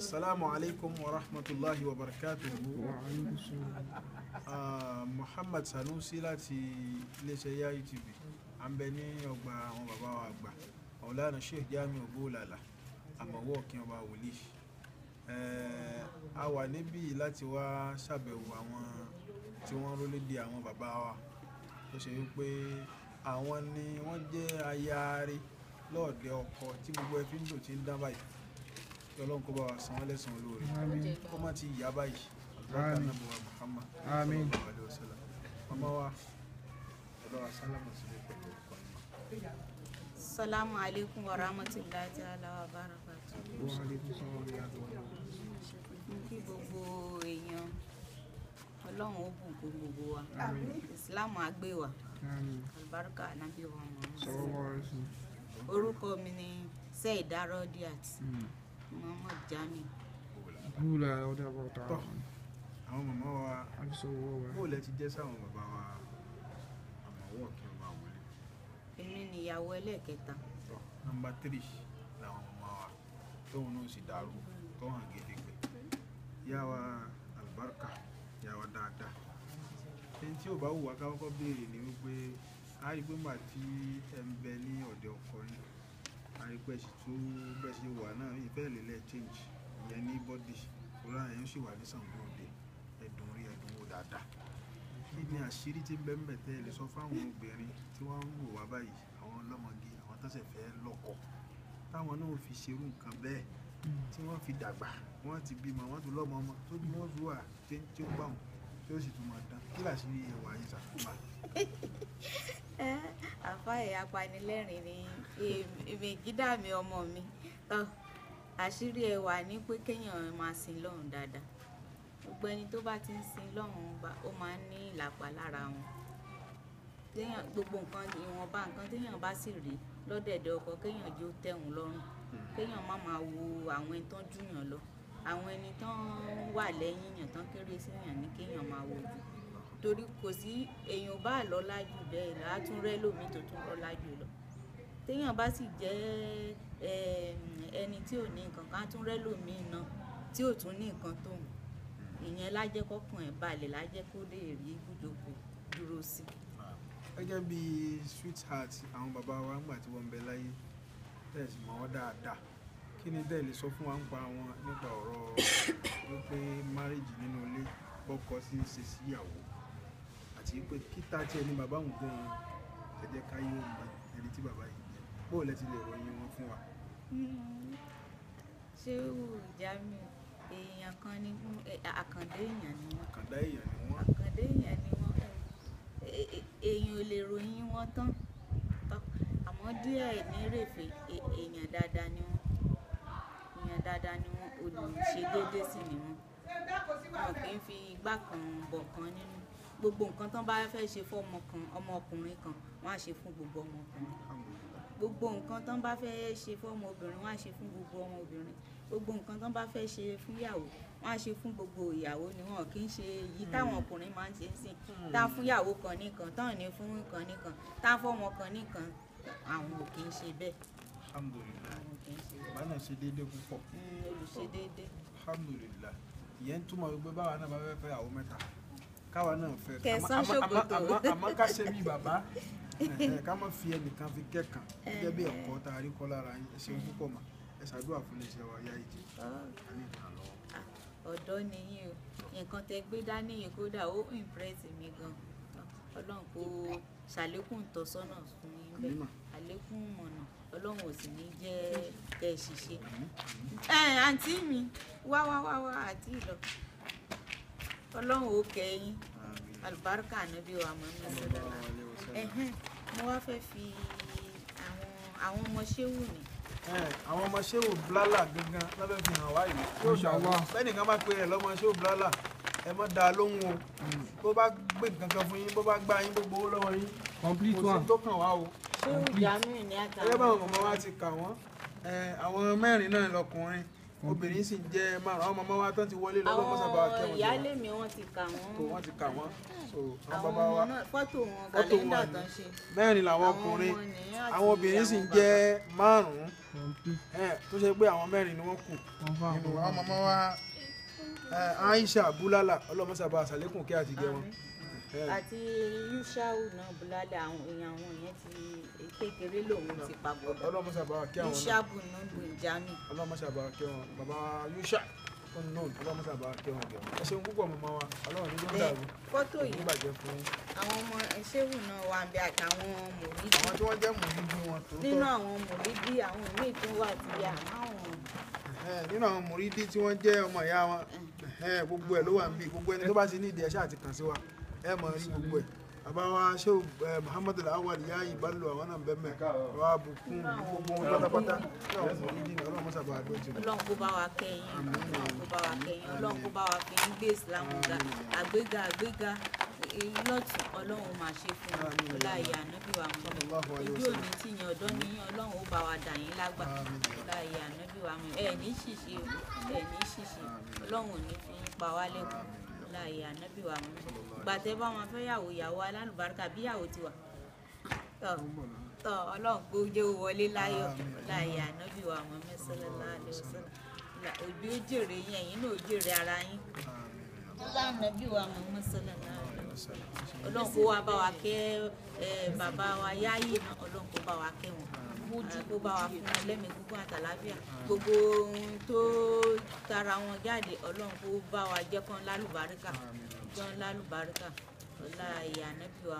السلام عليكم ورحمة الله وبركاته Muhammad Sanusi láti iléeṣẹ́ Yayi TV à ń bẹ ní ọgbà àwọn bàbá wa àgbà Maulana Sheikh Jami Ogbólàlà àmọ̀wọ́ ọ̀kìn ọba wòlíì eh, a wà níbí láti wá ṣàbẹ̀wò àwọn tí wọ́n rólé de àwọn bàbá wa tó ṣe wípé àwọn ni wọ́n jẹ́ ayaari lọ́ọ̀dẹ ọkọ tí gbogbo ẹ fi ń dò tí ń dán báyìí ọlọ́run kó bá wa san wọ́n lẹ́san olóore kó má ti yá báyìí àdúrà nàbọ̀ wa Muhammad sallallahu alayhi wa sallam mama wa ọlọ́wà sálámà sílẹ̀ pẹ̀lú ọkọ̀ yìí. salamu alaikum wa rahmatulahi ta'ala wa barakatu. wọ́n lè tún sọ́wọ́ bí yàtọ̀ kí gbogbo èèyàn ọlọ́run ó bùn gbogbo wa islam á wa albarka anabi wa mọ̀ ọ́n. orúkọ mi ni sẹ́ẹ̀dá rọ́díàt. Mm. Muhammad Jami. búùlà ọdẹ àbọ̀tà àwọn màmá wa bóòlù ẹ ti jẹ́ sáwọn bàbá wa àmọ̀wọ́ kí ọba wọlé. èmi nìyàwó ẹlẹ́ẹ̀kẹta. nọ́mbà tírì làwọn màmá wa tóun náà sì dàrú tó hàn gédégbé yá wa àlùbáríkà yá wa dáadáa ẹni tí ò bá wù wá ká kọ́kọ́ béèrè ni wípé a rí pé màá tí ẹ ń bẹ ní ọ̀dẹ̀ ọkọ yìí a rí pé ẹ sì tún bẹ́ẹ̀ ṣe wà náà ìfẹ́ ìlélẹ̀ change ìyẹn ní bọ́dì òrà yẹn sì wà ní Ṣàngó ẹ̀dùn rí ẹ̀dùn wò dáadáa kí ni àṣírí tí bẹ́ẹ̀ tẹ́ ẹ lè sọ fáwọn obìnrin tí wọ́n ń wò wá báyìí àwọn ọlọ́mọge àwọn tọ́sẹ̀ fẹ́ lọ́kọ táwọn náà fi ṣerú nǹkan bẹ́ẹ̀ tí wọ́n fi dàgbà wọ́n ti bímọ wọ́n ti lọ́mọ ọmọ tó bí wọ́n fi wà tí ó bá wọn tí ó sì tún máa dán kí làṣírí ẹwà yìí ṣàkóbá. àfáà ẹ̀ apanilẹ́rìn ni èmi gídà mi ọmọ mi àṣírí ẹwà ni pé kéèyàn máa sin lọ́run dáadáa gbogbo ẹni tó bá ti ń sin lọ́run ó máa ń ní ìlàpá lára wọn téèyàn gbogbo nǹkan ìwọ̀nba nǹkan téèyàn bá sì rí lọ́dẹ̀dẹ̀ ọkọ kéèyàn jó tẹ̀hún lọ́rùn hmm. kéèyàn má máa wo àwọn ẹni tó ń júyàn lọ àwọn ẹni tó ń wà lẹ́yìn yàn tán kéré síyàn ní kéèyàn máa wo jù torí kò sí èèyàn bá lọ́lá jù bẹ́ẹ̀ látúnrẹ́ lómi tó tún lọ́lá jù lọ téèyàn bá sì jẹ́ tí ò ní nǹkan kan á tún rẹ́lòmíì náà tí ò tún ní nǹkan tó ń ìyẹn lájẹ́ kọ́kàn ẹ̀ balẹ̀ lájẹ́ kó lè rí ibùdókò dúró sí. gẹ́gẹ́ bí sweetheart àwọn bàbá wa ń gbà tí wọ́n ń bẹ láyé tẹ̀sí mọ́ ọ́ dáadáa kí ni dẹ́ẹ̀ lè sọ fún wa ń pa wọn nípa ọ̀rọ̀ wípé márìjì nínú ilé bọ́kọ sí ń ṣe síyàwó àti pé kíta tiẹ̀ ni bàbá òun gan-an ẹ̀jẹ̀ káyé òun ẹni tí bàbá yìí bóòlù ẹ ti lè ròyìn wọn fún wa. Hmm. Shehu Jamiu èèyàn kan ni wọ́n àkàndá èèyàn ni wọ́n. àkàndá èèyàn ni wọ́n. àkàndá èèyàn ni wọ́n èèyàn ò lè ròyìn wọn tán àmọ́ díẹ̀ nírèfé èèyàn dáadáa ni wọ́n èèyàn dáadáa ni wọ́n olùṣe déédéé sì ni wọ́n wọn kì í fi igbá kan bọ̀ kan nínú gbogbo nǹkan tán bá fẹ́ ṣe fún ọmọ kan ọmọkùnrin kan wọ́n á ṣe fún gbogbo ọmọkùnrin gbogbo nǹkan tán bá fẹ́ ṣe fún ọmọbìnrin wọ́n á ṣe fún gbogbo ọmọbìnrin gbogbo nǹkan tán bá fẹ́ ṣe fún ìyàwó wọ́n á ṣe fún gbogbo ìyàwó ni wọn kì í ṣe èyí táwọn hmm. ọkùnrin máa ń ṣe sìn hmm. tá fún ìyàwó kan nìkan tán ní fún nǹkan nìkan tá fọmọ kan nìkan àwọn ò kì í ṣe bẹ́ẹ̀. alhamdulilayi bana ṣe déédéé púpọ̀. olùṣe hmm, déédéé. alhamdulilayi ìyẹn ń túmọ̀ wípé báwa náà bá fẹ́ fẹ́ àwọn mẹ́ta káwa náà fẹ́ kẹsàn-án ṣòkòtò àmọ́ ká ṣe bí bàbá Eh, ká má fi ẹnìkan fi kẹ́kàn eh. gẹ́gẹ́ bí ẹ̀kọ́ tá a rí kọ́ lára yín ẹ ṣeun púpọ̀ mà ẹ ṣàdúrà fún iléeṣẹ́ wa yá ìjì àní ah. ìrànlọ́wọ́. Ah, ọ̀dọ́ ni yín o nǹkan tẹ gbé dání yẹn kódà ó impress mi gan ọlọ́run kò ṣàlékún ìtọ́sọ́nà fún yín bẹ́ẹ̀ àlékún mọ̀nà ọlọ́run ò sì ní jẹ́ ẹ ṣiṣẹ́ ẹ eh, àǹtí mi wá wá wá wá àti ìlọ ọlọ́run ó kẹ́ yín àlùbáríkà ànábì wa Muhammad sọdọlá mo wá fẹ́ fi àwọn ọmọ ṣéwù mi àwọn ọmọ ṣéwù blálà gangan lábẹ́ fi hàn wá yìí yóò ṣàwọ́ bẹ́ẹ̀ni kan bá pe rẹ̀ lọ́mọ ṣéwù blálà ẹ mọ́ da lóhùn o hmm. bó bá gbé kankan fún yín bó bá gbá yín gbogbo owó lọ́wọ́ yín kò tó kàn wá o. ṣéwù jamiu ni a ta. ẹgbẹ́ báwọn ọmọ wa ti kà wọ́n àwọn mẹ́rin náà lọkùnrin obìnrin sì ń jẹ́ márùn àwọn màmá wa tán ti wọlé lọ́wọ́ mọ́sàbá kẹwọn jẹ́ wọn. ìyáálé mi wọ́n ti kà wọ́n. tó wọ́n ti kà wọ́n. àwọn ọmọ náà fọ́tò wọn kàlẹ́ńdà tán ṣe. mẹ́rin làwọn ọkùnrin àwọn obìnrin sì ń jẹ́ márùn-ún tó ṣe pé àwọn mẹ́rin ni wọ́n kù nínú àwọn màmá wa Aisha Bulala ọlọ́mọsàbá àsàlẹ́kùn kí àtìgẹ́ wọn àti yusau náà bulala àwọn èèyàn àwọn yẹn ti kékeré lòun ti papòdà yusabu náà bunjami. ọlọ́mọṣàbà kí wọn bàbá yusa unknown ọlọ́mọṣàbà kí wọn gẹ̀wọ́n ẹ ṣeun púpọ̀ mọ́mọ́ wa ọlọ́run nígbà dàrú fọ́tò yìí àwọn ọmọ ẹṣẹ́wù náà wà bí àtàwọn mòlídìí. àwọn tí wọ́n jẹ́ mòlídìí wọn tó. nínú àwọn mòlídìí àwọn míì tó wà ti yà nínú àwọn mòrídìí tí wọ́n jẹ́ ọmọ ìyá wọn gbogbo ẹ̀ ló wà ń bí gbogbo ẹni tó bá ti ní ìdí ẹ̀ṣẹ́ àti kàn sí wa ẹ mọ̀ rí gbogbo ẹ̀ bàbá wa ṣé eh, Muhammad Lawal yá ìbálò àwọn náà bẹ́ẹ̀ mẹ́ wa bùkún gbogbo wọn pátápátá náà wọn ní ìdí ọlọ́run sábà àdó ti. ọlọ́run kó bá wa kẹ́yìn ọlọ́run kó bá wa kẹ́yìn ọlọ́run kó bá wa kẹ́yìn gbé Islam ga àgbéga àgbéga lọ́tù ọlọ́run máa ṣe fún wa láàyè ànábì wa mú ojú òní tí yan ọ̀dọ́ ní ọlọ́run ó bá wa dà yín lágbà láàyè ànábì wa mú ẹ̀ ní ṣìṣe ẹ̀ ní ṣìṣe ọlọ́run ò ní fi yín pa wá lẹ́kùn láàyè ànábì wa mú gbàtẹ́ bá wọn fẹ́yàwó ìyàwó alálùbáríkà bí ìyàwó ti wà tọ ọlọ́run pé ó jẹ́ wọlé láyọ̀ láàyè ànábì wa mú mẹ́sẹ̀lẹ̀ láàlẹ́ ọ̀sẹ̀ òbí ó jèrè yín ẹ̀yin náà ó jèrè ara yín láànábì wa mú mẹ́sẹ̀lẹ̀ láàlẹ́ ọlọ́run kó wa bá wa kẹ́ bàbá wa yáyè ọlọ́run kó bá wa kẹ́ wọn bójú kó bá wa fún wọn lẹ́mìí gbogbo àtàlàfíà mm. gbogbo ohun tó tara wọn jáde ọlọ́run kó bá wa jẹ́ kán lálùbáríkà kán lálùbáríkà ọlá ìyá wa.